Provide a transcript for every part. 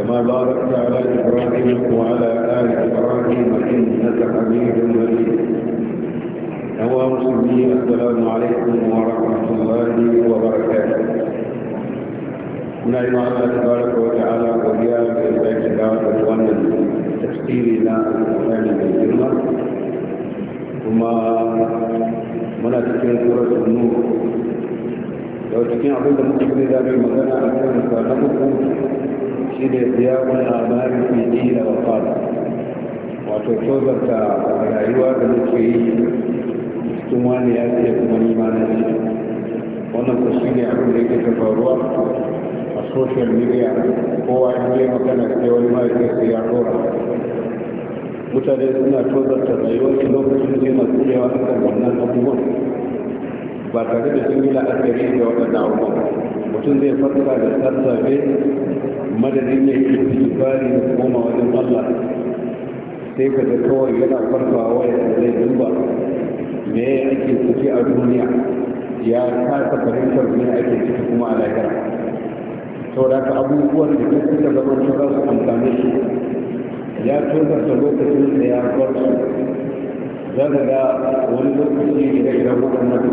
كما باركت على إبراهيم وعلى آل إبراهيم إنك حميد مجيد أيها المسلمين السلام عليكم ورحمة الله وبركاته نعم الله تبارك وتعالى البيت الاعتقاد وأن تفسير لا القرآن في وما muna cikin surat nur yau cikin abin da muke zai zabe magana a kan shine ne ziyarar amari fi dina wa fada wato tozarta rayuwa da muke yi cikin wani ya ce kuma nima na ce wannan ko shine ne abin da yake ta faruwa a social media kowa ya yi magana sai wani ma ya ya dora mutane suna tozarta rayuwar su lokacin da masu yawa a kan wannan abubuwan ba tare da sun yi la'akari da waɗannan abubuwan mutum zai farka da sassafe istighfari da koma wajen Allah sai ka ga kawai yana farfawa ya zai duba me ake ciki a duniya ya kasa fahimtar me ake ciki kuma a lahira da ka abubuwan da duk da zaman su za su amfani shi ya ta lokacin da ya bar su za ka ga wani lokaci idan idan waɗannan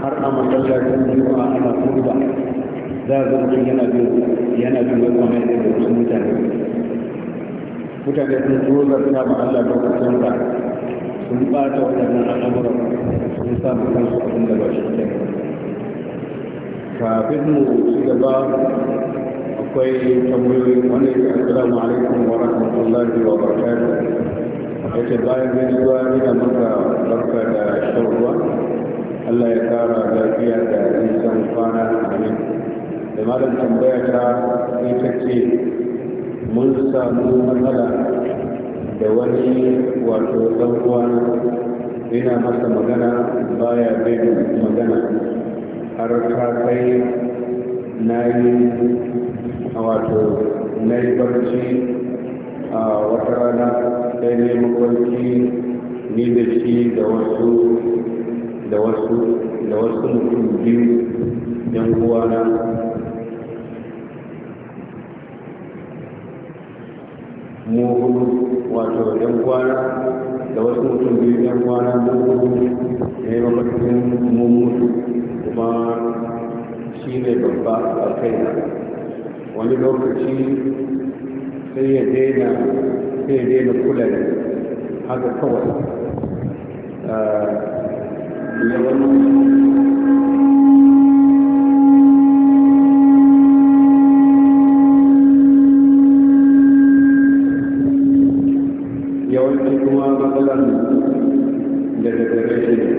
har a masallacin juma'a ana kurba za a zama yana biyu yana duba kamar da wasu mutane mutane sun tozarta ma Allah lokacin ba sun bata waɗannan al'amuran sun samu kansu abin da ba shi ke kafin mu ci gaba akwai tambayoyi wani ga assalamu alaikum wa rahmatullahi wa barakatuh yace bayan gaisuwa ina maka barka da shan ruwa Allah ya kara lafiya da nisan kwana amin da malam tambaya ta ita ce mun samu matsala da wani wato ɗan yana masa magana baya bin magana har ta kai na yi wato na yi barci a wata rana sai ne mafarki ni da shi da wasu da wasu da wasu mutum biyu yan na. mu hudu wato yan kwana da wasu mutum biyu yan kwana mu hudu ne mafarkin mu mutu kuma shi ne babba a kai wani lokaci sai ya daina sai ya daina kula da haka kawai ah, yawan sallan da da gare shi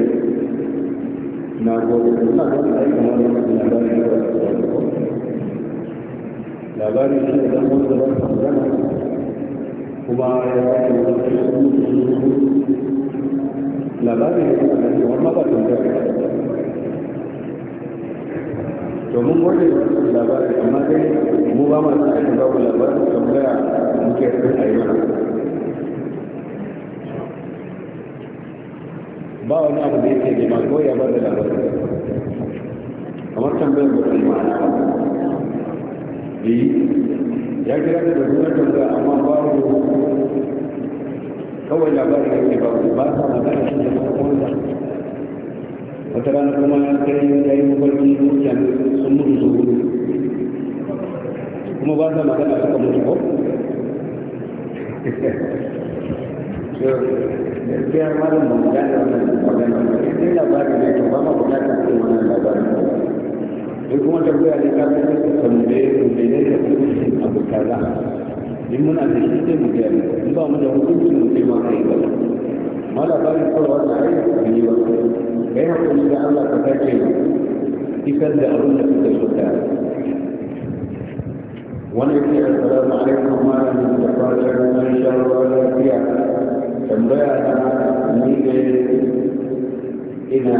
na gobe ina ga ai kamar da labari da labari shi da mun da magana kuma ya kai labari da kuma wannan ba tantance domin wani labarin amma dai mu ba masu aikin babu labarin tambaya muke sun ayyuka ba wani abu da yake nema ko ya bar da labarin kamar tambayar ba ta yi ma'ana ba eh, ya kira da da zuwa tambaya amma ba wani kawai labarin yake ba ba sa magana shi da kuma wata rana kuma ya kai ya yi mafarki mutane sun mutu su kuma ba sa magana suka mutu ko gaskiya malam ba mu gane wannan magana ba sai dai labarin ne to ba ma bukatar sai wannan labarin sai kuma tambaya ne ka kai ka tambaye ku ne ne ka tsinci abu kaza in muna da shi sai mu ga in ba mu da hukunci mu sai ma kai ba ma labarin kawai wannan ai ba ne ba kai hakuri da Allah ka kace isar da abin da kuka so ka wani ke assalamu alaikum ma da fatan tambaya na ni ne ina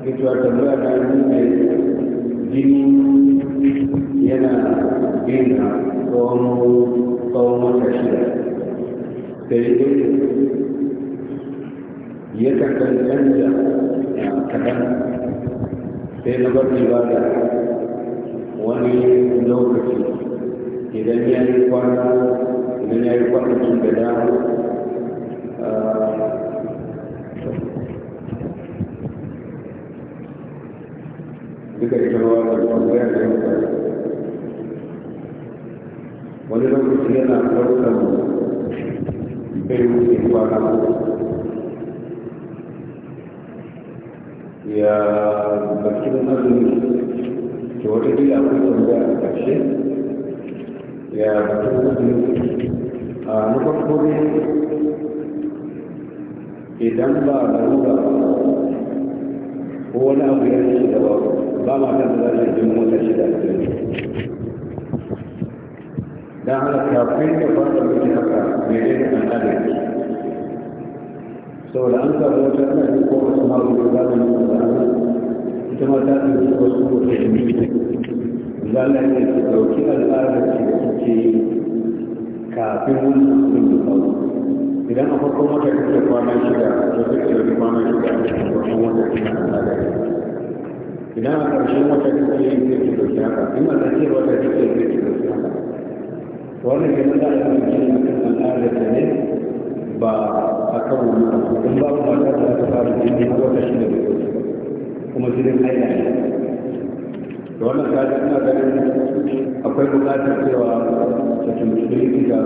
Ketua tambaya ta ni ne ah, jini yana gina tsawon wata shida sai dai ya kakan canja kaɗan sai na bar ibada wani lokaci idan ya yi kwana idan ya yi kwanakin da dama ah, duka ita rawa da tambaya da wani lokaci yana ɗaukar bai wuce kwana ya bakin azumi ke wata dila akwai tambaya a ƙarshe ya bakin azumi a na farko ne idan ba ko wani abu ya ce da ba ba ma kan da za ta mota shida a cikin kafin da haka mai ne adalci saboda an samu wata ana yi ko wasu mawa da za mu yi masu ita ma ta ɗauki wasu wata yi za mu yi ki ɗauki al'adar ki da kuke kafin wannan abin da faru idan a farkon wata kuke kwana shida to duk da wani kwana shida a farkon wata kuma idan a ƙarshen wata kuke yi sai ki ɗauki haka in a ce wata kuke sai ki ɗauki haka wannan kenan za a yi al'adar da ne ba a kan wani in ba mu mata da aka fara jini a wata shi da bai da wannan kaji ganin akwai bukatar cewa ta tuntuɓi likita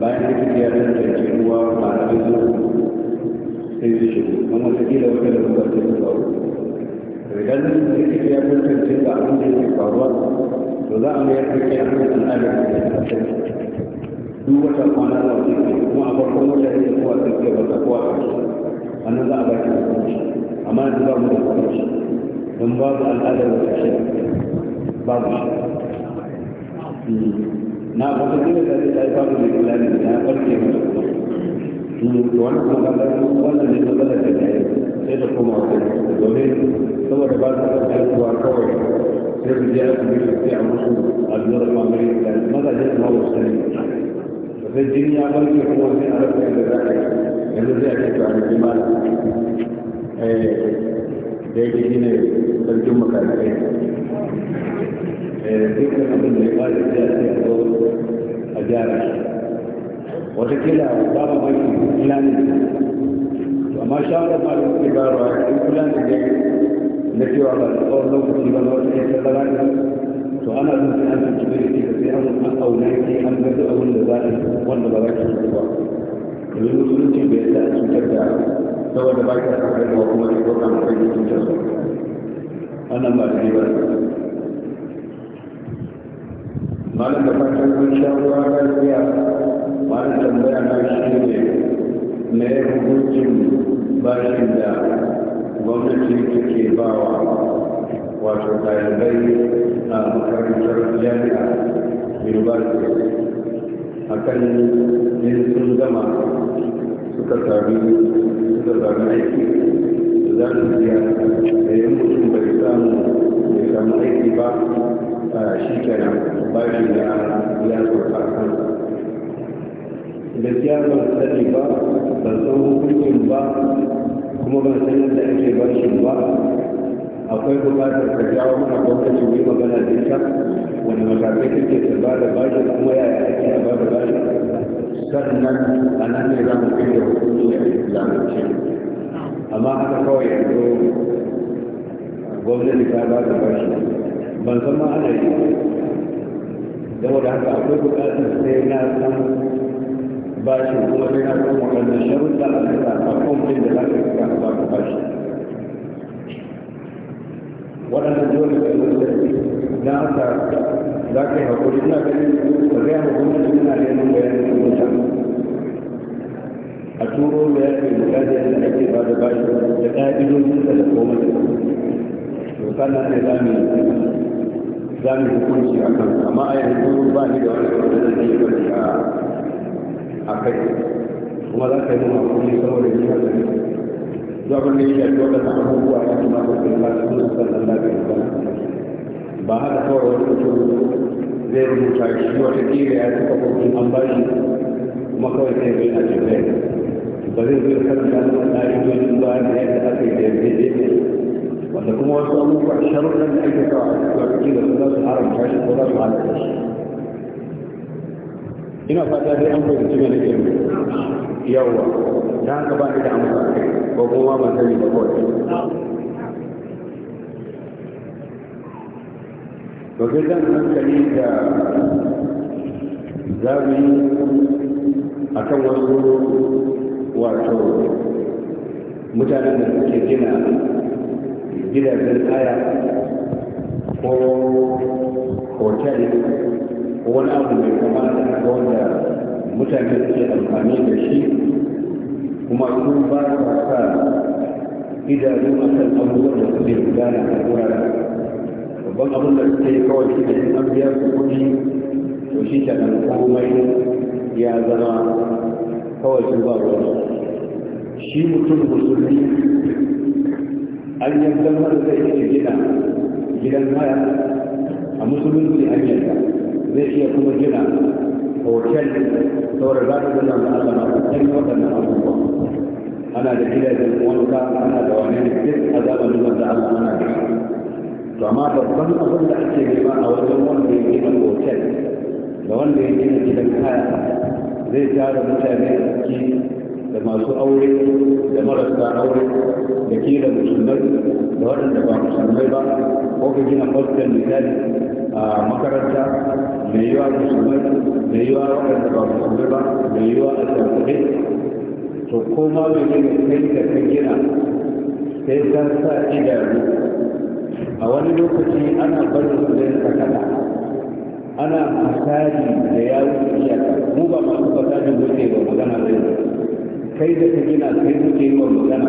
bayan ruwa a cikin zuwa sai zai shigo kila wata da ta zuwa idan likita ya faruwa to za a mayar da kai a da duk wata kwana da wata ke kuma a farkon wata ne kuwa ta ke ba ta kuwa ta ke a nan za a baki da kuma amma yanzu ba mu da kuma shi don babu al'adar wata shi babu shi na wata kira da ta yi babu mai kula ne na farke masa kuma to wani kuma ba ta wannan ne matsala ta ke sai da kuma wata domin saboda ba ta aikuwa kawai sai su je a kuma sai a musu allurar mamaye da mazajen ma wasu ne da jini ya barke kuma wani arabta da za a yanzu zai ake tuwa da jima da yake shi ne sarkin makarai dukkan abin da ya bada da ya zo a gyara shi watakila ba ma mai fulani amma shawarar ma da suke bayarwa in fulani ne na cewa ba tsawon lokaci ba na wata kyakkyar da to ana son sai an tafi da ke sai an an auna ki an ga duk abin da za a wanda ba za ki yi ba yanzu musulunci bai da cutar da saboda ba ka sa haihuwa kuma ki ko kan kai cutar su wannan ba da ba malam da fatan kun sha ruwa lafiya malam makarantar jami'a university akan yin sun gama suka sami suka sami aiki za su biya da yin mutum bai samu bai samu aiki ba shi kenan ba shi da ya sauka kansa gaskiya ban sani ba ban san hukuncin ba kuma ban san yadda ake shi ba akwai bukatar ka jawo mana gwamnati mai magana da ita wani matakai kake ta ba da bashi kuma yaya ake a ba da bashi sannan a nan ne za mu kai da hukunci a islamance amma haka kawai yanzu gwamnati ta ba da bashi ban san ma ana yi saboda haka akwai bukatar sai na san bashi kuma sai na san waɗannan sharuɗa a kan da za ka yi ba bashi waɗanda dole ka yi da na aka za ka yi haƙuri ina ganin ba zai haƙuri da suna neman bayanin mutum a turo da ya ke da yadda ake ba da bashi da ɗaya ƙa'idojin da da komai to sannan ne za mu za mu hukunci a kan amma a yanzu turo ba ni da wani wanda zai yi wani a kai kuma za ka yi mun hakuri saboda ni haka zuwa ban da ya shafi waɗannan abubuwa ya kamata su yi lafiya suna sannan lafiya ba haka kawai wani mutum zai rubuta shi wata kila ya taɓa kofin an ba shi kuma kawai sai bai a jirgin ba zai zai karanta da ƙa'idojin ba da yadda aka yi da yarjejeniya wanda kuma wasu abubuwa sharuɗan da ake kawo a cikin su za su haramta shi ko za su halatta shi ina fata dai an fahimci me na yi yawa ta haka ba ni da amsa ko kuma ban sani ba kawai to sai zan hankali da zabi akan a kan wasu wato mutanen da suke gina gidajen haya ko hotel wani abu mai kama da haka wanda mutane suke amfani da shi kuma su ba sa sa idanu a kan abubuwan da suke gudana a wurare babban abin da suke kawai shi da an biya su kuɗi to shi ta nan komai ya zama kawai su ba wani shi mutum musulmi an zama da zai gina gidan haya a musulunci an yankan zai iya kuma gina hotel saboda za ta gina da alama a cikin waɗannan abubuwa ana da gidajen wanka ana da wani ne duk a zamanin wanda a ana da shi to amma babban abin da ake nema a wajen wanda ya gina hotel da wanda ya gina gidan kaya zai tara mutane a ciki da masu aure da marasa aure da ke da musulmai da waɗanda ba musulmai ba ko ka gina fasdan misali a makaranta mai yiwa musulmai mai yiwa waɗanda ba musulmai ba mai yiwa a tsarkuɗe to ko ma mai da kai da ka gina sai ta sa idanu a wani lokaci ana barin su zai sakata ana fasadi da ya wuce iyaka mu ba masu fasadin wuce ba magana zai kai da ka gina kai muke yi wa magana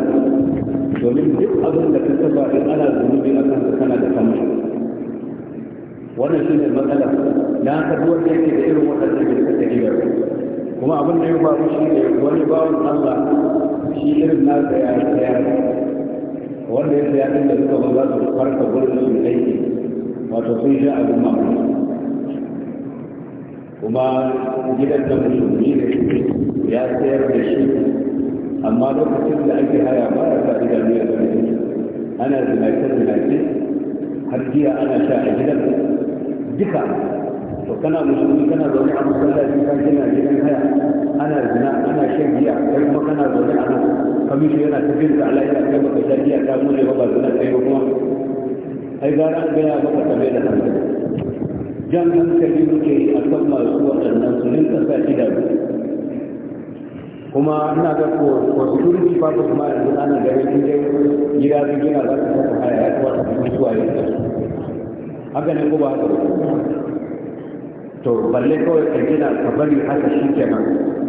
domin duk abin da ka saba in ana zunubi a kan kana da kamar wannan shi ne matsala na haka duk wanda yake da irin waɗanda waɗannan girka ta ribar kuma abin da ya faru shi ne wani bawon allah shi irin nasa ya tsaya wanda ya tsaya ɗin da suka ba za su farka gurin su aiki wato sun sha abin mamu kuma gidan da musulmi ne ya tsayar da shi amma lokacin da ake haya ba ya sa idan ne ana zinace zinace har jiya ana sha a gidan duka to kana musulmi kana zaune a masallaci ka gina gidan haya ana zina ana shan giya kai kuma kana zaune a nan kamisho yana tafiyar da alaƙa kai baka sha giya ka mure ba ba zina kai ba kuma ai gara an gaya maka kame da hankali jan hankali muke a kan masu waɗannan su rinka sa idanu kuma ina ga kwasurci ba ma yanzu ana ganin gida gida gina za ta saka haya ya kamata su mutuwa ya kasu haka ne kuma ba haka to balle kawai ka gina ka bari haka shi ke nan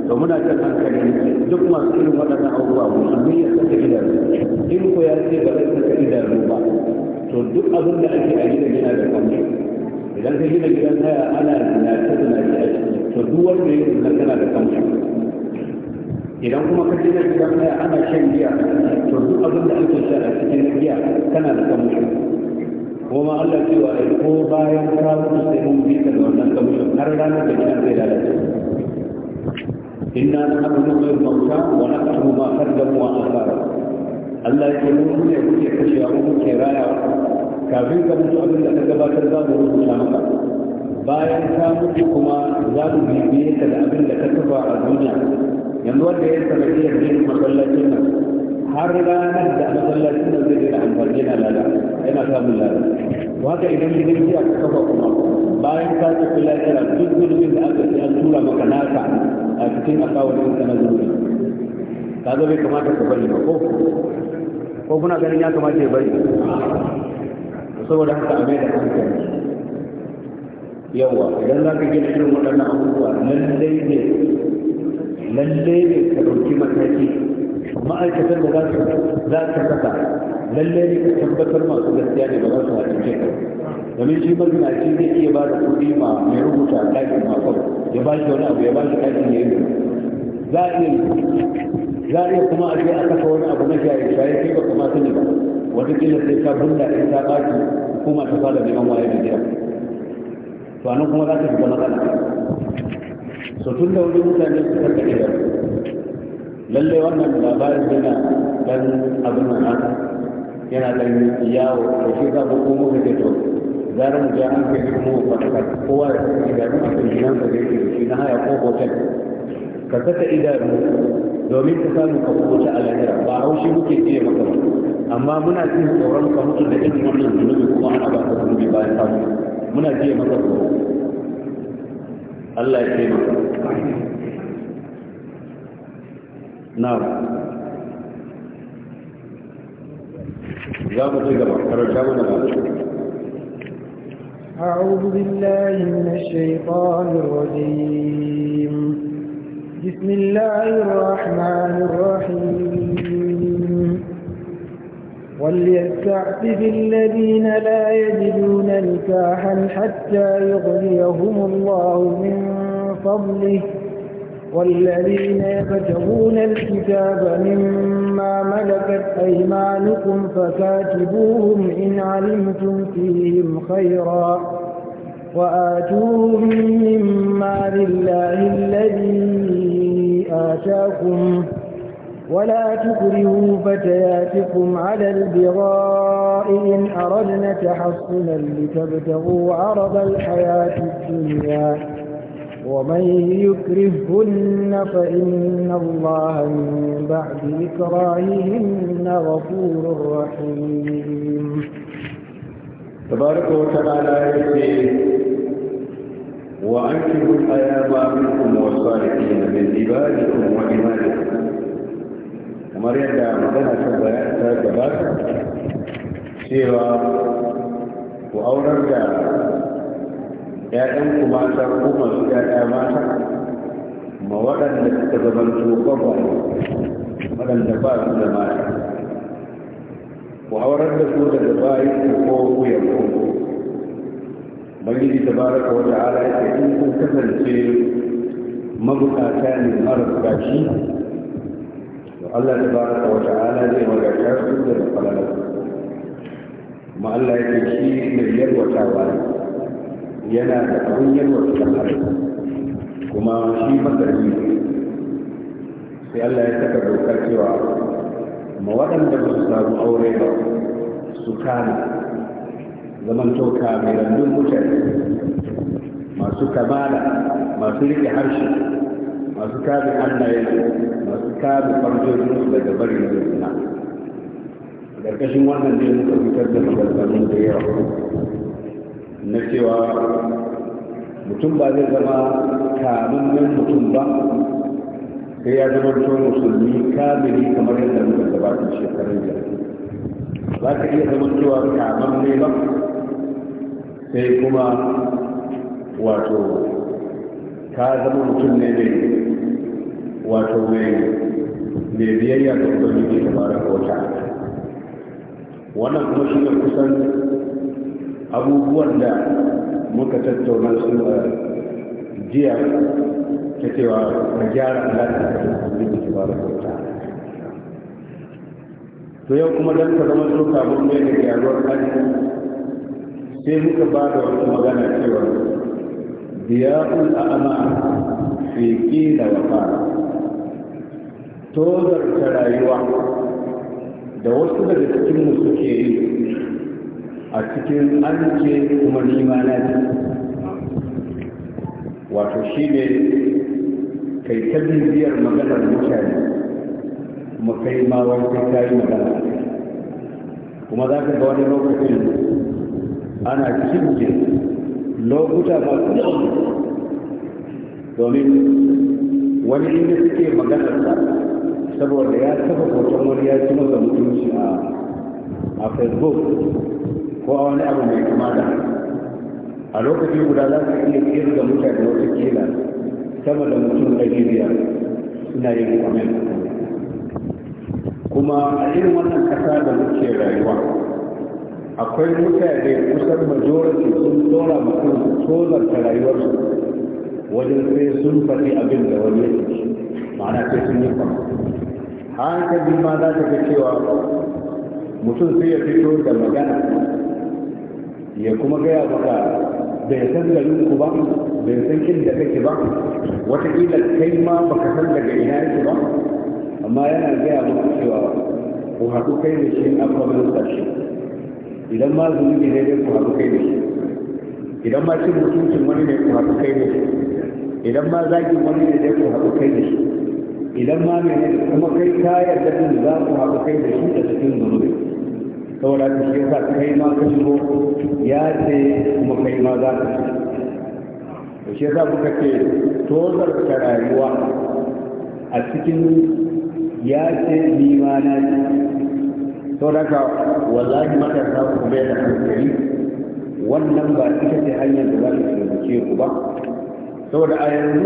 to muna kan hankali duk masu irin waɗannan abubuwa musulmi ya saka idanu in ko ya ce ba zai saka idanu ba to duk abin da ake a gina gina da kanne idan ka gina gidan haya ana zinace zinace a ciki to duk wanda ya zina kana da kanne idan kuma ka gina gidan haya ana shan giya to duk abin da ake sha a cikin giya kana da kanne kuma Allah ce wa ko bayan ka mutu sai mun bi ka da wannan kamshin har ranar da kina da lalace inna nahnu nuhyil mauta wa naktubu ma qaddamu wa akhara Allah ke ce mun ne kuke kashewa mun kuke raya kafin ka mutu abin da ka gabatar za mu rubuta maka bayan ka mutu kuma za mu bibiye ka da abin da ka kafa a duniya yanzu wanda ya sanadiyar yin masallacin nan har ranar da masallacin nan zai da amfani yana lada yana samun lada to haka idan gidan giya ka kafa kuma bayan ka ci kula tana duk zunubin da aka ce an tura maka naka a cikin akawun ɗinka na zunubi ka zo bai kamata ka bari ba ko ko kuna ganin ya kamata ya bari saboda haka a mai da hankali yawa idan za ka gina irin waɗannan abubuwa lallai ne lallai ne ka ɗauki mataki Ma'aikatar da za su za ka saka lalle ne ka tabbatar masu gaskiya ne ba za su haɗin ce domin shi mazinaci zai iya ba da kuɗi ma mai rubuta ɗakin makon ya ba shi wani abu ya ba shi kafin ya yi za a iya za a iya kuma a je a saka wani abu na shaye shaye sai ba kuma sani ba wataƙila sai ka bunda in ta ɓaci hukuma ta fara neman waye da jiya to a nan kuma za ka shiga matsala so tun da wani mutane su karkace da lalle wannan labarin yana dan abin nan haka yana da yawo to shi za mu ko muka ce to zaran mu ja an kai mu ko kowa da shi da mun san gidan ka zai shi na haya ko hotel ka saka idanu domin ka samu ka kuce a lahira ba haushi muke ce maka amma muna cin tsoron ka mutu da irin wannan zunubi kuma ana ba ka zunubi bayan samu muna ce maka Allah ya ce maka نعم أعوذ بالله من الشيطان الرجيم بسم الله الرحمن الرحيم وليستعفف الذين لا يجدون نكاحا حتى يغنيهم الله من فضله والذين يبتغون الكتاب مما ملكت أيمانكم فكاتبوهم إن علمتم فيهم خيرا وآتوهم مما لله الذي آتاكم ولا تكرهوا فتياتكم على البغاء إن أردنا تحصنا لتبتغوا عرض الحياة الدنيا ومن يكرهن فإن الله من بعد إكراههن غفور رحيم تبارك وتعالى يقول وأنكحوا الأيام منكم والصالحين من عبادكم وإيمانكم ومريم دعم magana ta gabata cewa ku ‘ya'yan ku mata ko masu ‘ya'ya mata ma waɗanda suka zamanto gwagwaye waɗanda ba su da mata ku haurar da su daga bayan ku ko wuyan ku bangiji da baraka wata ala ya in kun kasance mabukata ne mara gashi Allah da baraka wata ala zai magata su da falalar Ma Allah ya ce shi mai yarwatawa ne yana da abin yarwa da ɗan kuma shi masarfi sai Allah ya saka doka cewa ma waɗanda ba su samu aure ba su kana zaman toka mai randun mutane masu kamala masu riƙe harshe masu kare hannaye masu kare farjojin daga barin zurna ƙarƙashin wannan ne muka fitar da maganganu da yawa na cewa mutum ba zai zama kamunan mutum ba sai ya zama to musulmi kamili kamar yadda muka gabatar shekarun da za ka iya zama cewa kamun ne ba sai kuma wato ka zama mutum ne mai wato mai mai biyayya ga ubangiji da bara wata wannan kuma shi ne kusan abubuwan da muka tattauna su a uh, jiya ta cewa a gyara alaƙa da ubangiji ta bara kyauta to yau kuma don ka zama so kamun mai da gyaruwar hali sai muka ba da wata magana cewa biya'ul a'ama fi kila wa tozar ta rayuwa da wasu daga cikin musu suke yi a cikin arziki kuma limana na ji wato shi ne kai ta bibiyar maganar mutane kuma kai ma wani kai ta yi magana kuma za ka ga wani lokacin ana cikin lokuta masu yawan domin wani inda suke sa, saboda ya taba hoton wani ya ci masa mutunci a facebook ko a wani abu mai kama da a lokaci guda za su iya da mutane wata kila sama da mutum ɗari biyar suna yin kwamen kuma a irin wannan ƙasa da muke rayuwa akwai mutane kusan majority sun tsora mutum su ta rayuwarsu wajen sai sun faɗi abin da wani yake ma'ana sai sun yi kwamen hankali ma za ta ga cewa mutum sai ya fito da magana ya kuma gaya maka bai san garin ku ba bai san inda kake ba wataƙila kai ma baka san daga ina yake ba amma yana gaya maka cewa ku haɗu kai da shi a kwamar sashi idan ma zunubi ne dai ku haɗu kai da shi idan ma cin mutuncin wani ne ku haɗu kai da shi idan ma zagin wani ne dai ku haɗu kai da shi idan ma ne kuma kai ka yarda da za ku haɗu kai da shi da cikin zunubi saboda ta shi yasa kai ma ka shigo ya ce kuma kai ma za ka shigo to shi yasa muka ce tozar ta rayuwa a cikin ya ce ni ma na ce saboda ka wallahi ta ku bai da hankali wannan ba ita ce hanyar da za ta taimake ku ba saboda a yanzu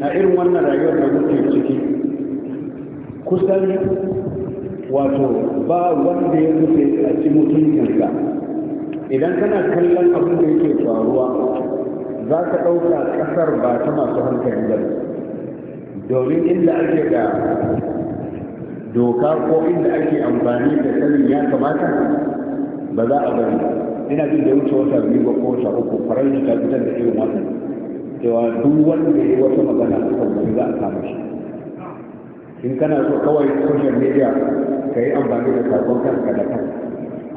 a irin wannan rayuwar da muke ciki kusan wato ba wanda ya rufe a ci ka idan kana kallon abin da yake faruwa za ka ɗauka ƙasar ba ta masu hankali ba domin inda ake da doka ko inda ake amfani da sanin ya kamata ba za a bari ina jin da wuce wata biyu ba ko wata uku faransa ta fitar da irin wannan cewa duk wanda ya yi wata magana a kan za a kama shi in kana so kawai social media ka yi amfani da sakon kanka da kan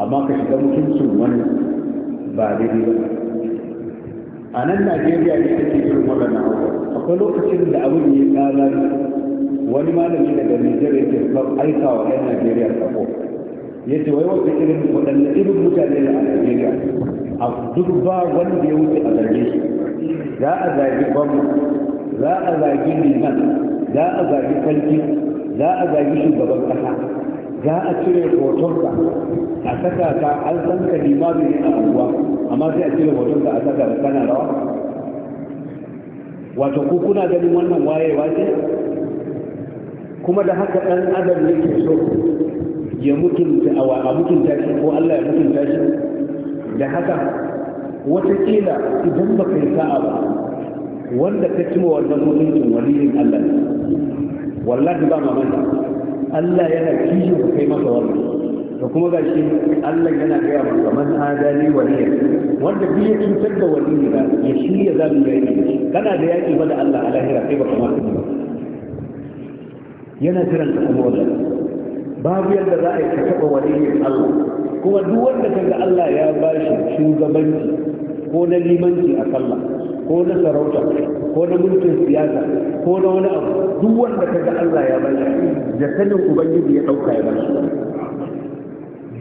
amma ka shiga mutuncin wani ba daidai ba a nan najeriya ne take irin magana abubuwa akwai lokacin da abin ya tsada wani malami daga nigeria yake aika wa 'yan najeriya sako ya ce wai wata irin waɗanda irin mutane da a najeriya a duk ba wanda ya wuce a zage shi za a zage gwamna za a zage liman za a zagi sarki za a zagi shugaban kasa za a cire hotonka a saka ka an san ka nima a abubuwa amma sai a cire hotonka a saka ka kana rawa wato ku kuna ganin wannan wayewa ce kuma da haka ɗan adam yake so ya mutunta a mutunta shi ko Allah ya mutunta shi da haka wata kila idan baka yi sa'a ba wanda ka cima wannan mutuncin waliyin Allah ne wallahi ba mamanta Allah yana kishin ka kai masa wannan da kuma ga shi Allah yana gaya masa man adali waliyan wanda bi ya cutar da waliyi ba ya shirya za mu yaki kana da yaƙi ba da Allah a lahira kai ba kamata ba yana jiran ka kuma wannan babu yadda za a yi ka taɓa waliyin Allah kuma duk wanda kaga Allah ya bashi shugabanci ko na limanci a sallah ko na sarauta ko na mulkin siyasa ko na wani abu duk wanda kaga Allah ya bashi da sanin ubangiji ya dauka ya bashi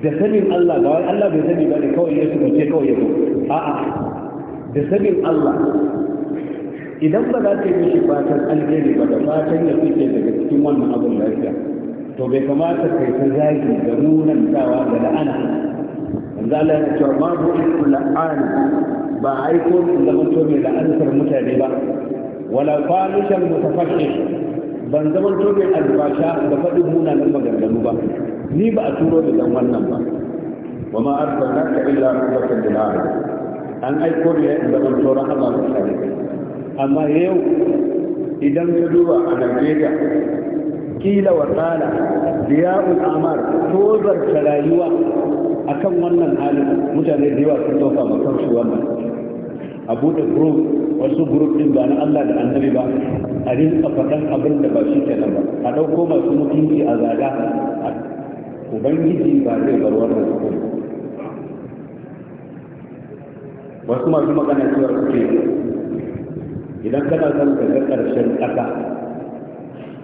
da sanin Allah ba Allah bai sani ba ne kawai ya tuka ce kawai ya ko a'a da sanin Allah idan ba za ka yi mishi fatan alheri ba da fatan ya fice daga cikin wannan abin lafiya to bai kamata kai ta zagi da nunantawa da la'ana manzo Allah yana cewa ma bu'itu la'ani ba aiko in zama to mai la'antar mutane ba wala falishan mutafakkin ban zama to mai albasha da faɗin munanan maganganu ba ni ba a turo da dan wannan ba wa ma arsalnaka illa rahmatan lil alamin an aiko ne in zama to rahama mutane amma yau idan ka duba a Najeriya kila wa tsala biya'ul amar tozar rayuwa akan wannan halin mutane da yawa sun dauka kan shi wannan a buɗe group wasu group din ba na Allah da annabi ba a rinka faɗan abin da ba shi kenan ba a ɗauko masu mutunci a zaga ubangiji ba zai bar wannan ba. wasu masu magana cewa suke idan kana son ka ga ƙarshen ƙasa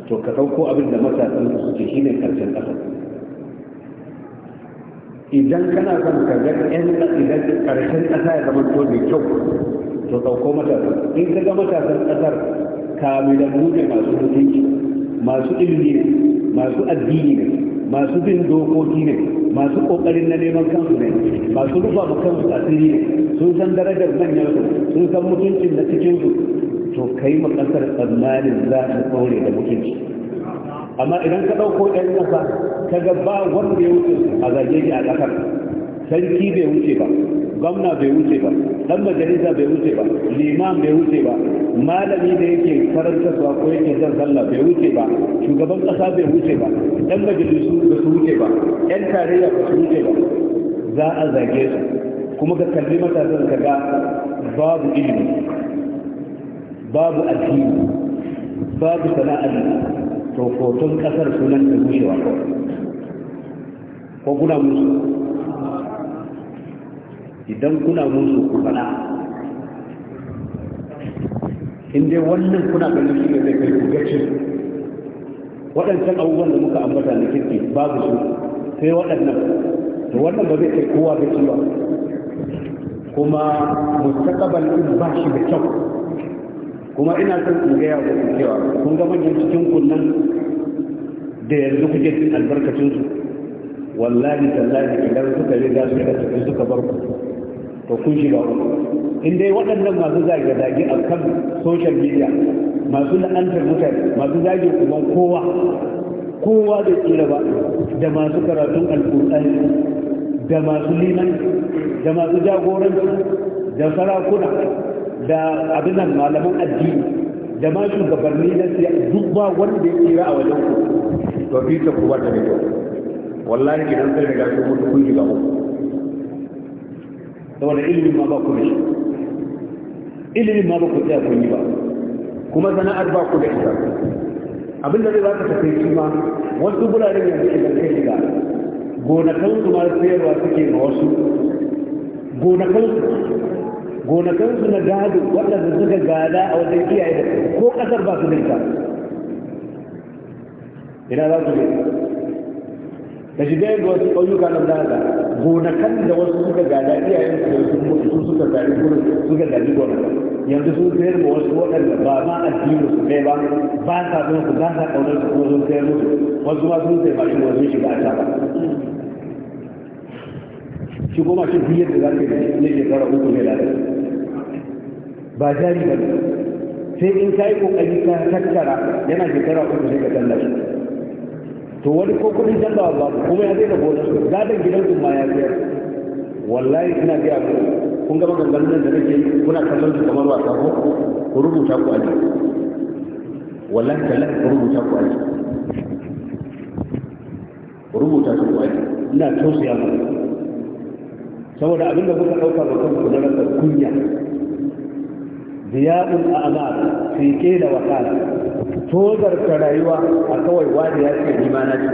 to ka ɗauko abin da matasan suke shine ƙarshen ƙasa idan kana son ka ga yan idan karshen ƙasa ya zama to mai kyau to ɗauko matasan in ka ga matasan ƙasar da buɗe masu mutunci masu ilimi ne masu addini ne masu bin dokoki ne masu ƙoƙarin na neman kansu ne masu rufa ma kansu a sirri ne sun san darajar manyan su sun san mutuncin da cikin su to kai ma ƙasar tsammanin za ta kore da mutunci amma idan ka ɗauko ɗan ƙasa ka ga ba wanda ya wuce a zage a ƙasar sarki bai wuce ba gwamna bai wuce ba ɗan majalisa bai wuce ba liman bai wuce ba malami da yake karantarwa ko yake zan sallah bai wuce ba shugaban ƙasa bai wuce ba ɗan majalisu ba su wuce ba yan tarayya ba su wuce ba za a zage su kuma ka kalli matasan ka ga babu ilimi babu addini babu sana'a to hoton kasar sunan da gushewa ko kuna musu idan kuna musu ku faɗa in dai wannan kuna ganin shi ne zai kai ku gaci waɗancan abubuwan da muka ambata na kirki babu su sai waɗannan to wannan ba zai kai kowa gaci ba kuma mustaqbal in ba shi da kyau kuma ina son in gaya wa cewa kun ga manyan cikin kunnan da yanzu kuke cin su wallahi tallahi idan suka yi za su da tafi suka bar ku to kun shiga ku. in dai waɗannan masu zage-zage a kan social media masu la'antar mutane masu zage kuma kowa kowa da tsira ba da masu karatun alƙur'ani da masu liman da masu jagoranci da sarakuna da nan malaman addini da ma shugabanni na siya duk ba wanda ya tsira a wajen ku to bi ta kuwa ta da kyau wallahi idan sai daga shi mutu kun shiga uku saboda ilimin ma ba ku da shi ilimin ma ba ku tsaya kun yi ba kuma sana'ar ba ku da ita abin da zai za ka tafi shi ma wasu bularin yanzu idan kai shiga gonakansu ma sayarwa suke ma wasu gonakansu gonakansu na gado waɗanda suka gada a wajen iyaye ko ƙasar ba su da ita ina za su yi da shi dai wasu ƙauyuka na zaga gonakan da wasu suka gada iyayen su sun mutu su suka gadi gurin suka gadi gonakan yanzu sun sayar ma wasu waɗanda ba ma addini su kai ba ba sa son su ba sa ƙaunar su kuma sun sayar musu wasu ma sun sayar mashin wasu shi ba ta ba shi kuma shi biyar da za ka yi ne shekara uku ne da ba jari ba sai in ka yi ƙoƙari ka tattara yana shekara uku sai ka tallafa to wani ko kudin canza ba kuma ya daina gona gadon gidan kuma ya biyar wallahi ina biya ku kun gama gangan nan da nake kuna kallon su kamar wasa ko ku rubuta ku aji wallahi tallahi ku rubuta ku aji rubuta ku aji ina tausaya mu saboda abin da kuka dauka ba kanku na rasa kunya ziyadun a'mal fi kila wa kala tozarta rayuwa a kawai wani ya ce na ce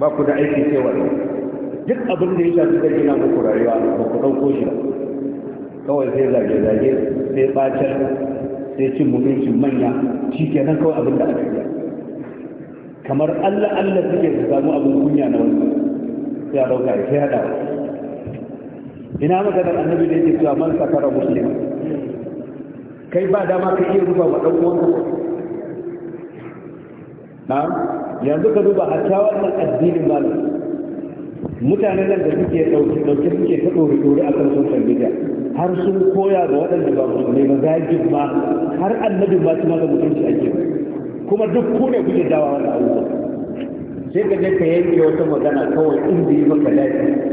ba ku da aiki cewa duk abin da ya shafi da gina muku rayuwa ba ku ɗauko shi kawai sai zage-zage sai ɓacin sai cin mutuncin manya shi nan kawai abin da aka yi kamar allah allah suke su samu abin kunya na wani sai a dauka ya ke haɗa ina maganar annabi da yake cewa man sakara musulman kai ba dama ka iya rufa wa ɗan'uwanka na yanzu ka duba hatta addini addinin malam mutanen nan da suke ɗauke ɗauke suke ta ɗori ɗori a kan social media har sun koya ga waɗanda ba su ne zagin ba. har annabin ma su ma da mutunci ake kuma duk ku ne kuke dawa wannan abubuwa sai ka je ka yanke wata magana kawai inda yi maka lafiya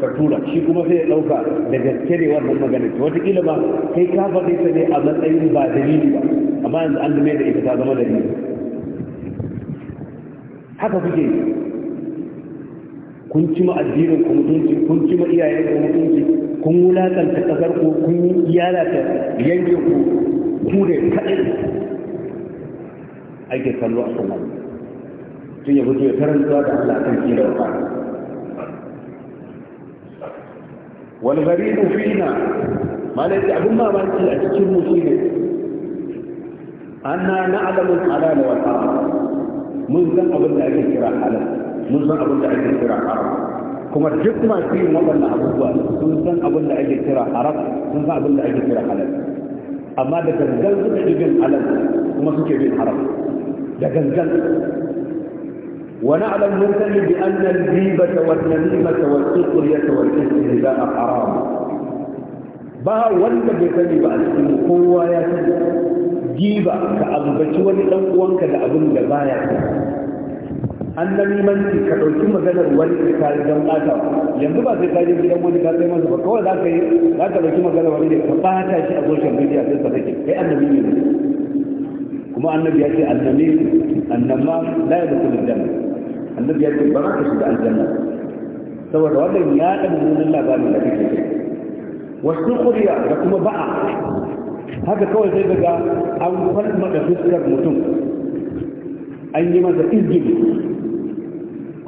ka tura shi kuma sai ya ɗauka da gaske ne wannan magana ta wataƙila ba kai ka faɗi ta ne a matsayin ba dalili ba amma yanzu an dume da ita ta zama dalili haka kuke kun ci ma addinin ku mutunci kun ci ma iyayen ku mutunci kun wulakanta ƙasar ku kun iyalata yanke ku ku da kaɗai ake kallo a kuma tun ya fito ya karanta da Allah kan kira ba. wal gharibu fina malai abin mamaki a cikin mu shine na alamun halal wa haram mun san abin da ake kira halal mun san abin da ake kira haram kuma duk masu yin waɗannan abubuwa sun san abin da ake kira haram sun san abin da ake kira halal amma da gangan suka bin halal kuma suke bin haram da gangan ونعلم نرتدي بان الغيبه والنميمه والسخريه لا حرام با وانت بتني باسم قوة يا سيدي جيبة كأبوكي ولي دم وانك لأبن جبايا أن لي من كتبت مثلا ولي كتاري دم آتا ينبقى في كتاري دم وانك كتاري دم آتا فقوة ذاك هي لا تبكي مثلا ولي فقاتا شيء أبو شبيدي أبو شبيدي أبو شبيدي أي أن لي من كما أن لي أن لي أن لا يدخل الدم annabi ya ce ba za ka shiga aljanna saboda wannan ya da mummunan labarin da kake ce wasu kuriya da kuma ba'a haka kawai sai daga an kwalma da fuskar mutum an yi masa izgili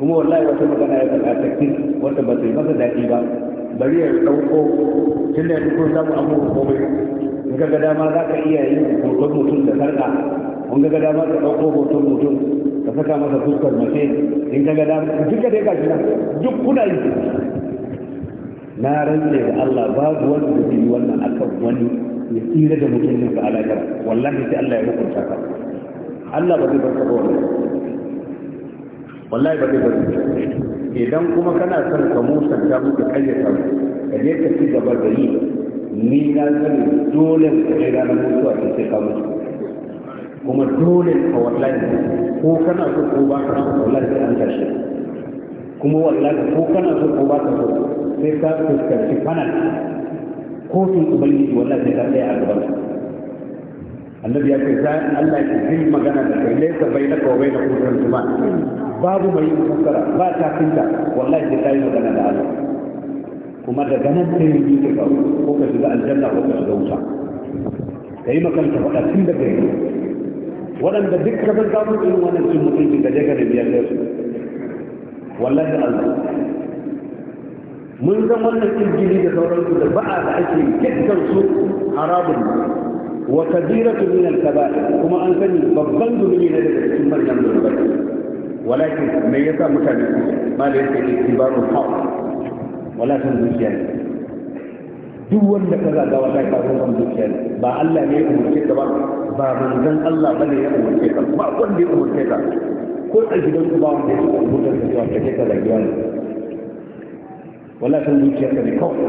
kuma wallahi wata magana ya faɗa takin wata ba sai masa daɗi ba bari ya ɗauko tun da ya duk samu abubuwa komai in ka ga dama za ka iya yin hoton mutum da sarƙa in ka ga dama ka ɗauko hoton mutum ka saka masa fuskar mace in ka gada duka dai gashi nan duk kuna yi na rantse da Allah babu wanda zai yi wannan akan wani ya tsira da mutumin ka alakar wallahi sai Allah ya hukunta ka Allah ba zai barka ba wallahi ba zai barka idan kuma kana son ka musanta muka kayyata ka je ka ci gaba da yi ni na sani dole ka je ranar mutuwa sai ka mutu kuma dole ka wallahi ko kana so ko ba ka so wallahi an tashi kuma wallahi ko kana so ko ba ka so sai ka fuskanci ko kotun ubangiji wallahi sai ka tsaya a gaban annabi ya ce za Allah ya yi magana da kai laysa bainaka wa baina kutan tuma babu mai kusara ba ta kinta wallahi sai ka yi magana da Allah kuma da ganin sai yi ka ko ka shiga aljanna ko ka shiga wuta kai makanta ta faɗa tun da kai waɗanda duk ka san samun irin wannan cin mutunci ka je ka rabiya da su wallahi Allah mun san wannan injili da sauransu da ba'a da ake dukkan su harabun wa kabiratu min al-kaba'ir kuma an sani babban zunubi ne daga cikin manyan zunubai walakin me yasa mutane ma da yake kibarun hawa walakin zuciya ne duk wanda ka zaga wata kafin kan zuciya ba Allah ne ya umarce ka ba ba manzon Allah bane ya umarce ka ba wanda ya umarce ka ko a gidan ku ba wanda ya umarce ka cewa ka ka zagi wani wallahi kan zuciya ka ne kawai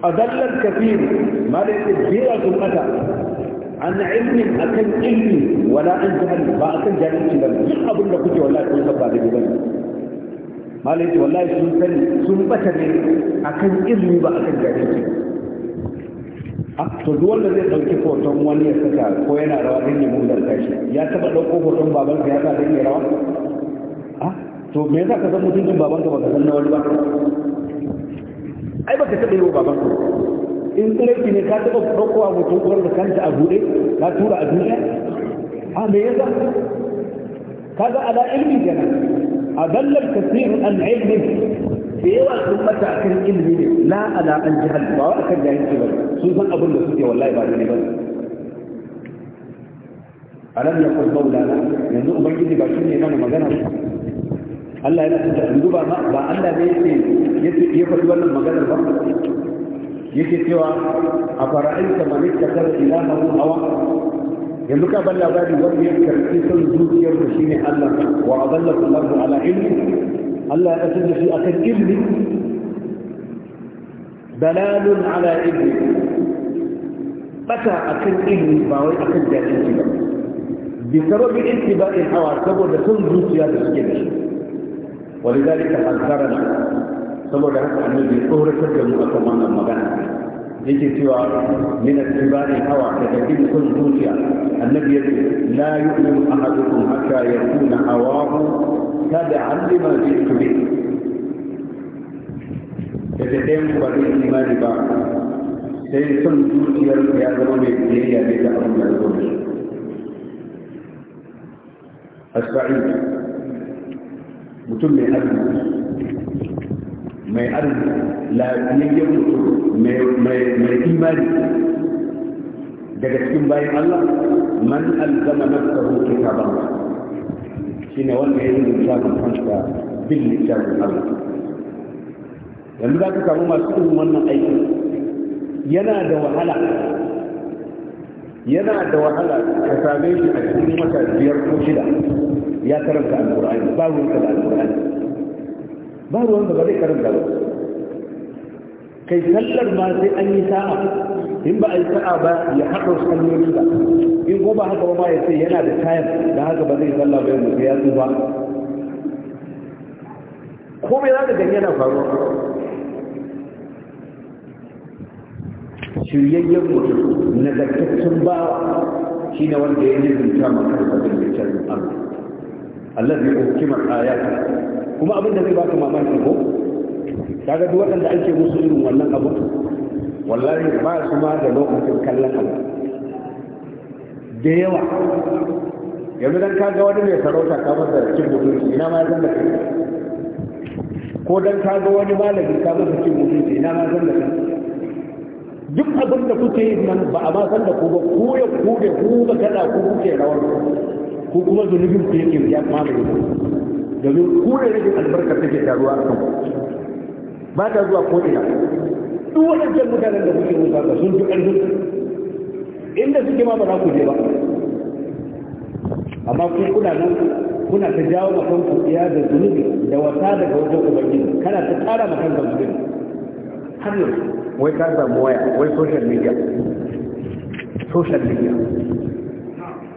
أضل الكثير ما ليس بيئة الأتى عن علم أكن علمي ولا أن جهل ما da kuke أبو الله كنت ولا كنت بعد جبل malai ce wallahi sun sani sun bata ne akan ilimi ba akan a ah, to duk wanda zai dauki hoton wani ya saka ko yana rawa don ya mudar kashi ya taba dauko hoton ka ya sa don ya rawa ah, to me yasa ka san mutuncin ba ka san na wani ba ai ka taba yi wa ka in ki ne ka taba daukowa mutum uwar da kanta a buɗe ka tura a duniya a ah, me yasa kaga ala ilmi kenan أضل الكثير عن علمه في وقت الأمة كان علمه لا على أن جهل بارك الله جاهل كبير سوزا أبو الله والله بعد نبال ألم يقل مولانا ينزو أبنجي باشين يمان مغانا Allah yana da yanzu ba ba Allah ne yake yake ya faɗi wannan maganar ba yake cewa a fara'in yanzu ka bar labari wanda ya karfi son zuciyar da shine Allah wa adalla sallahu ala ilmi Allah ya tsaya da shi akan ilmi dalalun ala ilmi bata akan ilmi ba wai akan jahilci ba bi sababi ittiba'il hawa saboda son zuciya da suke da shi ولذلك حذرنا saboda haka annabi tsoratar da mu akan wannan magana لكتوى من اتباع الهوى كتبين كل توسيا النبي لا يؤمن أحدكم حتى يكون هواه تبعا لما جئت به كتبين كل إيمان بعض سيد كل في هذا الوقت هي بدا من الوجه أستعين متم هذا mai arziki lafiyayyen mutum mai imani daga cikin bayan Allah man alzama nafsahu kitaban shine wanda ya yi kan kansa bil littafin Allah yanzu za ka samu masu irin wannan aiki yana da wahala yana da wahala ka same shi a cikin wata biyar ko shida ya karanta alƙur'ani babu ka da alƙur'ani ba ruwan da ba zai karanta ba kai sallar ma sai an yi sa'a in ba a yi sa'a ba ya haɗa su hanyoyi ba in ko ba haka ba ya ce yana da tayar da haka ba zai sallar ba yanzu ya tsufa ko mai za ka gani yana faruwa shiryayyen mutum nagartaccen bawa shi ne wanda ya yi rinta makar da rinta Allah Allah zai hukumar ayata kuma abin da zai baka mamaki ko kaga duk waɗanda ake musu irin wannan abu wallahi ba su ma da lokacin kallon abu da yawa yanzu dan ka ga wani mai sarauta ka masa cin mutunci ina ma zan da kai ko dan ka ga wani malami ka masa cin mutunci ina ma zan da kai duk abin da kuke yi nan ba a ma san da ku ba ku ya ku ku ba kada ku kuke rawar ku kuma zunubin ku yake ya mamaye ku domin kure rikin albarkar take taruwa a kanku ba ta zuwa ko ina duk waɗancan mutanen da kuke musa ka sun fi ƙarfin inda suke ma ba za ku je ba amma kun kuna nan kuna ta jawo ma kanku iya da zunubi da wata daga wajen ubangiji kana ta tsara ma kanka zunubi har yau wai ka samu waya wai social media social media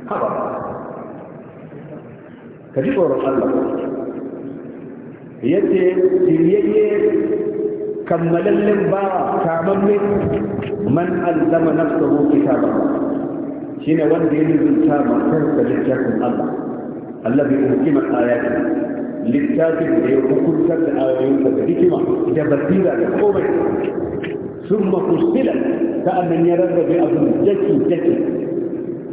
haba ka ji tsoron Allah yace shiryayye kammalallen ba kamamme man alzama nafsahu kitaba shine wanda ya rubuta ma kansa littafin Allah allazi hukima ayati littafin da ya hukuntar da ayoyinsa da hikima da basira da komai summa fustilat sa'annan ya rarrabe abin jaki jaki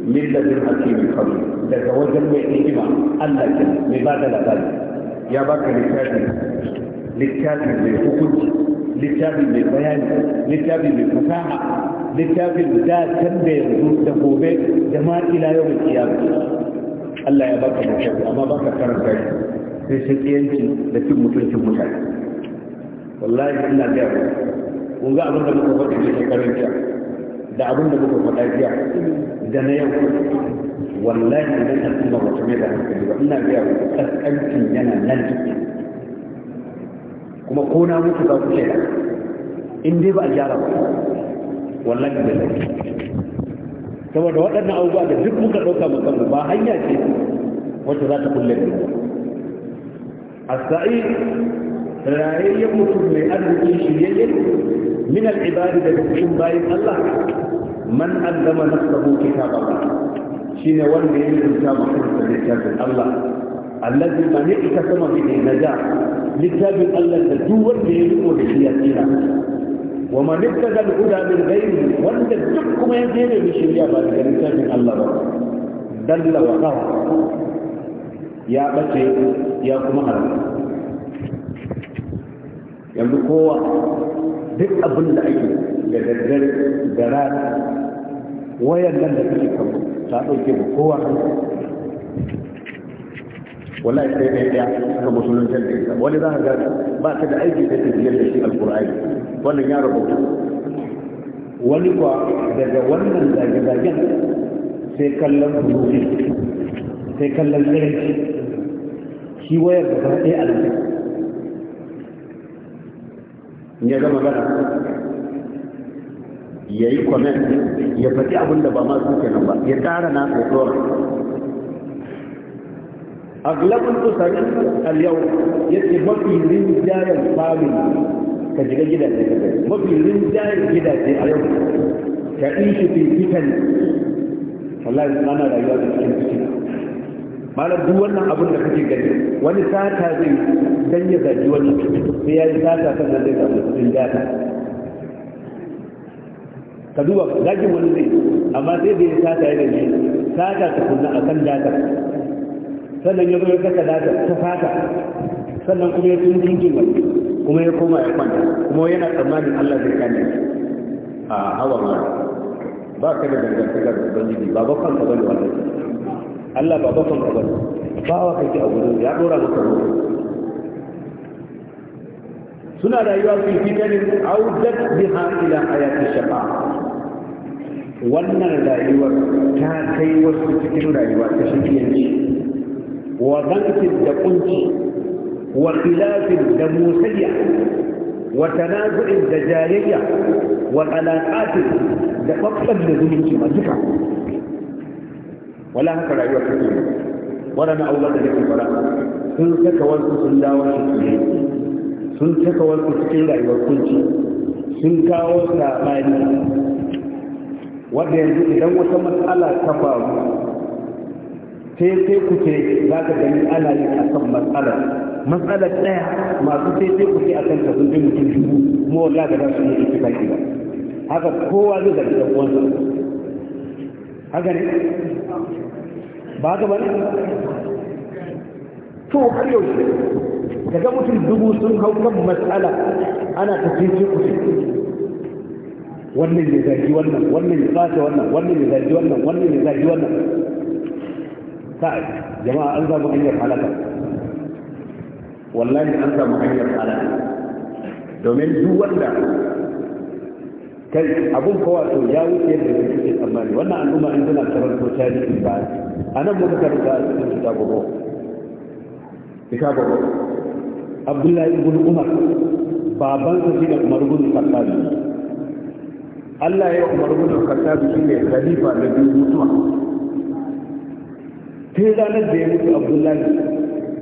milladin hakimin kabi daga wajen mai ni'ima Allah ke mai ba da labari ya baka littafi littafi mai hukunci littafi mai bayani littafi mai fasaha littafin da can da yanzu da gobe da ma ila yau da kiyama Allah ya baka littafi amma baka karanta shi sai shakiyanci da cin mutuncin mutane wallahi ina ga kun ga abin da muka faɗi ne shekarun jiya da abin da muka faɗa jiya da na yau wallahi idan al'umma ba ta mai da hankali ba ina biya ku kaskancin yana nan jiki. kuma ko na mutu za ku shaida in dai ba a gyara ba wallahi da zai saboda waɗannan abubuwa da duk muka ɗauka mu kanmu ba hanya ce wacce za ta kulle da a sa'i rayayyen mutum mai arziki shiryayyen min al daga cikin bayan Allah man addama nafsahu kitaballah shine wanda ya rubuta ma kansa littafin Allah allazi man iktasama bihi naja littafin Allah da duk wanda ya rubuta da shi ya tsira wa man ibtada al-huda min ghayri wanda duk kuma ya je da shari'a ba da littafin Allah ba dalla wa qawa ya bace ya kuma halaka yanzu kowa duk abin da ake da daddare da rana wayan nan da kake kan ta dauke ba kowa wallahi sai dai ya ka musulunci da ita wani za ka ga ba ta da aiki da tafiyar da shi alqur'ani wannan ya rubuta wani kuwa daga wannan zage-zagen sai kallon buluji sai kallon tsaye shi wayar da ɗaya a ya zama magana ya yi comment ya faɗi abin da ba masu kenan ba ya ƙara na a aglabin kusurin alyau ya ce mafi rinjayen famin ka jiga gidaje ka gani mafi rinjayen gidaje a yau ka ɗin shi fi fitan wallahi ana rayuwa da cikin fitina malar duk wannan abin da kake gani wani sata zai dan ya wani sai ya yi sata sannan zai samu cikin data ka duba zagin wani zai amma sai da ya sata ya gani sata ta kunna a kan data sannan ya zo ya kasa data ta sata sannan kuma ya tun jinjin wani kuma ya koma ya kwanta kuma yana tsammanin allah zai kane a hawa ba ka da dangantakar ubangiji ba bakon ka bane wannan Allah ba bakon ka ba wa kake a gurin ya dora maka ruwa suna rayuwa fi fitanin audat biha ila hayati shafa wannan rayuwar ta kai wasu cikin rayuwa ta shakiyanci wa zankin da kunci wa filafin da musayya wa tanazu'in da jayayya wa alaƙatin da ɓaɓɓar da duka wala haka rayuwa take ne na abubuwan da yake fara sun saka wasu sun dawo su ne sun saka wasu cikin rayuwar kunci sun kawo saɓani wanda yanzu idan wata matsala ta faru sai sai ku ce za ka gani ana yin a kan matsalar matsalar ɗaya masu sai sai ku ce a kan ta sun bi mutum dubu kuma wanda ga za su yi ita ba haka kowa zai zargi ɗan uwansa haka ba haka ba ne to har yaushe daga mutum dubu sun hau kan matsala ana tafiye ku wannan ya zargi wannan wannan ya sace wannan wannan ya zargi wannan wannan ya zargi wannan kai jama'a an samu hanyar halaka wallahi an samu hanyar halaka domin duk wanda kai abun ko wato ya wuce da cikin tsammani wannan al'umma in tana karanto tarihi ba anan mun karanta a cikin kitabu ko kitabu ko Abdullahi ibn Umar baban sa shi da Umar ibn Khattab Allah ya Umar ibn Khattab shi ne khalifa na biyu mutuwa tun ranar da ya mutu Abdullahi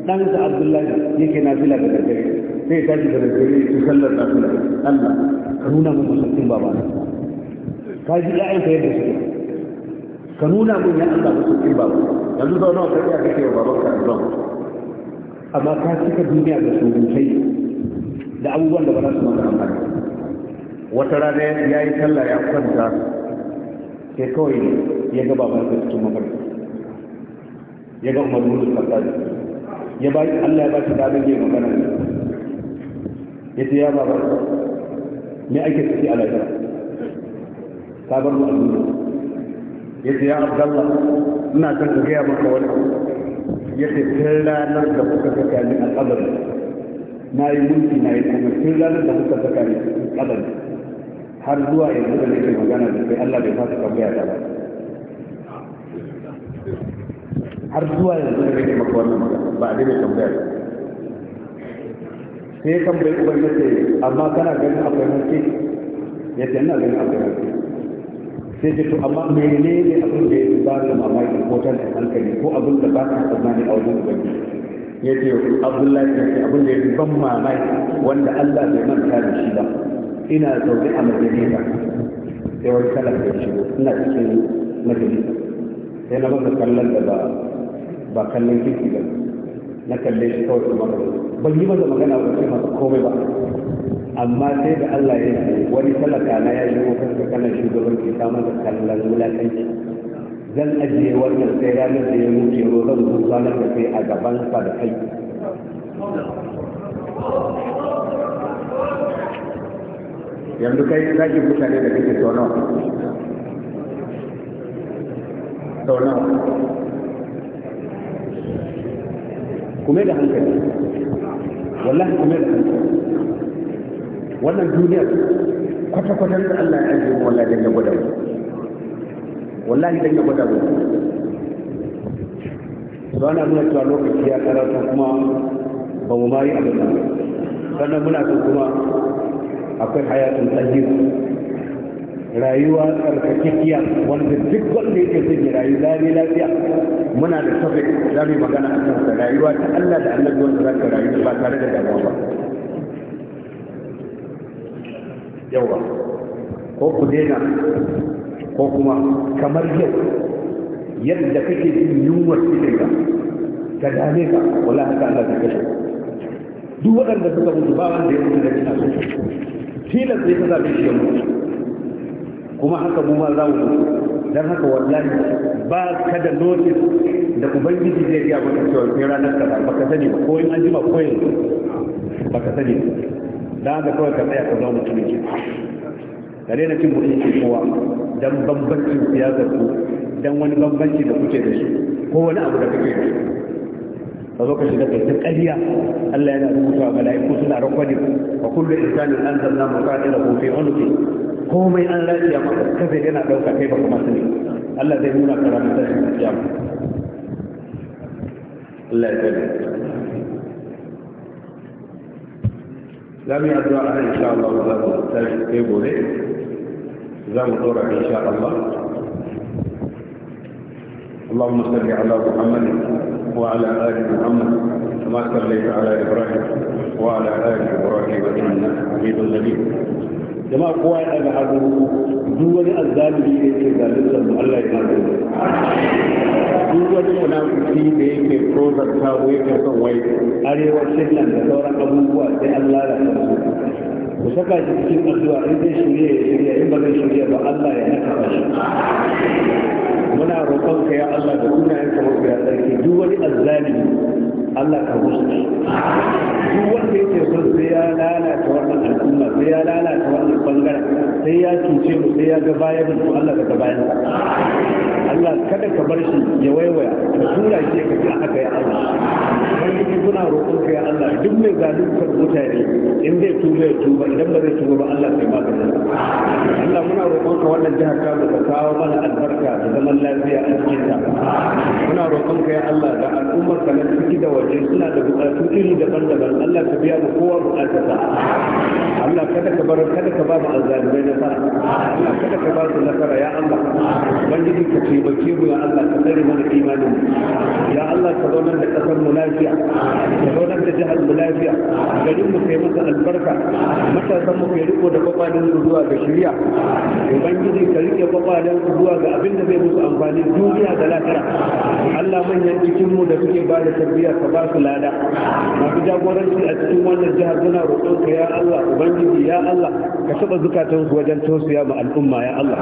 dan sa Abdullahi yake fila da dare sai ya tashi da dare su sallar da Allah ka nuna mun musulmin baba na ka ji ya'yan ka yadda suke ka nuna mun ya Allah musulmin baba yanzu zauna ka tsaya kake wa baban ka zo amma ka cika duniya da surutai da abubuwan da ba za su maka amfani wata rana ya yi sallah ya kwanta sai kawai ya ga baban sa cikin mafarki ya ga umar mulkin kasari ya ba Allah ya ba shi damar yin magana ya ce ya baba me ake ciki a lafiya ta bar mu a duniya ya ce ya abdallah ina son ka gaya maka wani ya ce tun ranar da kuka saka ni a kadar na yi mulki na yi kuma tun ranar da kuka saka ni a kadar har zuwa yanzu da nake magana da kai Allah bai fasa tambaya ta ba har zuwa yanzu da nake maka wannan ba a daina tambaya ta sai kan bai uban ya amma kana ganin akwai haske ya ce ina ganin akwai haske sai ce to amma mene ne abin da ya ba da mamaki ko ta hankali ko abin da ba ka tsammani a wajen ubangi ya ce abdullahi ya ce abin da ya fi ban mamaki wanda allah bai manta da shi ba ina zaune a majalisa sai wani kalan da shigo ina cikin majalisa sai na masa kallon da ba kallon kiki ba na kalle shi kawai kuma kawai ban yi masa magana ba ce masa komai ba amma sai da Allah ya yi wani talaka na ya yi wakar da kanan shugabanci ta masa kallon wulakanci zan ajiye wannan sai ranar da ya mutu yaro zan zuwa na tafi a gaban sa da kai yanzu kai zaki mutane da kake sau nawa nawa kuma da hankali wallahi kuma da wannan duniyar kwata-kwata da Allah ya ajiye wallahi dan ya gwada wallahi dan ya gwada mu to ana nuna cewa lokaci ya karanta kuma ba mu ma yi abin sannan muna so kuma akwai hayatun tsajiyar rayuwa tsarkakakkiya wanda duk wanda yake son ya rayu lami lafiya muna da tafi za mu magana a kansa rayuwa ta Allah da Allah wanda za ka rayu ba tare da damuwa ba yawa ko ku daina ko kuma kamar yau yadda kake jin yunwar cikin ka ta dame ka wala haka Allah ta kashe duk waɗanda suka mutu ba wanda ya mutu da kina so tilas ne ta zabe shi ya mutu kuma haka mu ma za mu dan haka wallahi ba ka da notice da ubangiji zai iya maka cewa sai ranar ka ba ka sani ba ko in an jima ko yanzu ba ka sani dan haka kawai ka tsaya ka zama mutumin ki ka daina cin mutuncin kowa dan bambancin siyasar ku dan wani bambanci da kuke da shi ko wani abu da kake da shi ka zo ka shiga kai ta ƙarya Allah yana rubuta wa mala'iku suna rakwani wa kullu insanin anzalna maqatilahu fi unuqi komai an lafiya maka kafe yana ɗauka kai ba kuma ne, Allah zai nuna ka ranar tashin kiyama Allah ya tsare za mu yi addu'a a insha Allah za mu tashi kai gobe za mu dora insha Allah اللهم صل على محمد وعلى ال محمد كما صليت على ابراهيم وعلى ال ابراهيم انك حميد مجيد jama'a kowa ya daga hannu duk wani azzalimi da yake zalunta mu Allah ya nazo duk wani munafiki da yake prozar ta ko yake son wai arewacin nan da sauran abubuwa sai Allah ya nazo ku saka shi cikin addu'a in zai shirye ya shirya in ba zai shirya ba Allah ya naka shi muna roƙon ka ya Allah da sunayen kamar ya tsarki duk wani azzalimi Allah ka musu duk wanda yake so sai ya lalata wannan al'umma sai ya lalata wannan bangaren sai ya cuce mu sai ya ga bayan mu Allah ka ga bayan Allah kada ka bar shi ya waiwaya ka tura shi ka duk mai zaluntar mutane in zai tuba ya tuba idan ba zai tuba ba Allah sai magana Allah muna roƙon ka wannan jihar ta ka kawo mana albarka da zaman lafiya a cikin ta muna roƙon ka ya Allah da al'ummar ka na ciki da waje suna da buƙatu iri daban-daban Allah ka biya mu kowa buƙatar sa Allah kada ka bar kada ka ba mu azalimai na sa Allah kada ka ba su nasara ya Allah ubangiji ka taimake mu ya Allah ka tsare mana imanin ya Allah ka zaunar da kasar mu lafiya ka zaunar da jihar mu lafiya garin mu kai masa albarka matasan mu kai riko da kwakwalen su zuwa ga shirya ubangiji ka rike kwakwalen su zuwa ga abin da zai musu amfani duniya da lafiya Allah manyan cikin mu da suke ba da tarbiyya ka ba su lada masu jagoranci a cikin wannan jihar suna roƙon ka ya Allah ubangiji ya Allah ka taɓa zukatan su wajen tosiya ma al'umma ya Allah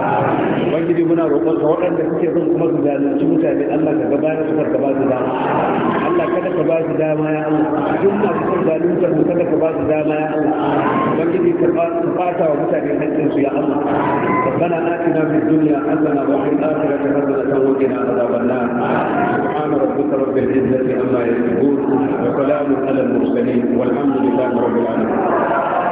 ubangiji muna roƙon ka waɗanda suke son kuma su zalunci mutane Allah ka da su ka ba su dama Allah kada ka ba su dama ya Allah duk masu kan zalim ta mu kada ka ba ta dama ya Allah wanda ke karba su fata wa mutane hankin su ya Allah rabbana atina fid dunya hasana wa fil akhirati hasana wa qina adhaban nar subhana rabbika rabbil izzati amma yasifun wa salamun ala al mursalin walhamdulillahi rabbil alamin